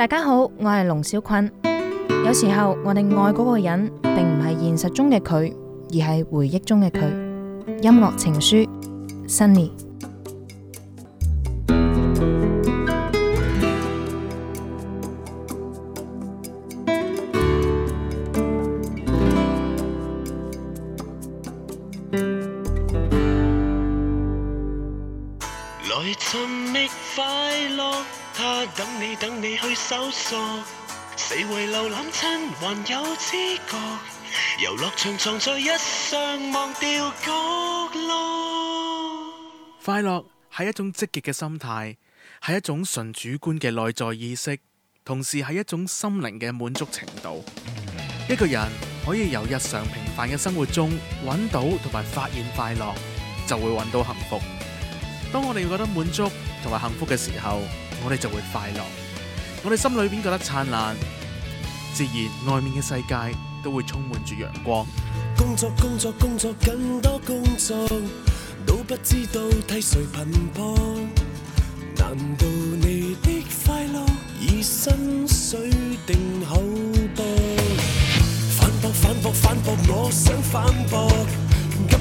大家好，我係龍小坤。有時候，我哋愛嗰個人，並唔係現實中嘅佢，而係回憶中嘅佢。音樂情書，Sunny。來尋覓快樂，他等你，等你去搜索，四圍瀏覽親，還有知覺，遊樂場藏在一雙忘掉角落。快樂係一,一種積極嘅心態，係一種純主觀嘅內在意識，同時係一種心靈嘅滿足程度。一個人可以由日常平凡嘅生活中揾到同埋發現快樂，就會揾到幸福。當我哋覺得滿足同埋幸福嘅時候，我哋就會快樂。我哋心裏邊覺得燦爛，自然外面嘅世界都會充滿住陽光。工作工作工作，更多工作，都不知道替誰頻撲。難道你的快樂以薪水定厚薄？反駁反駁反駁，我想反駁。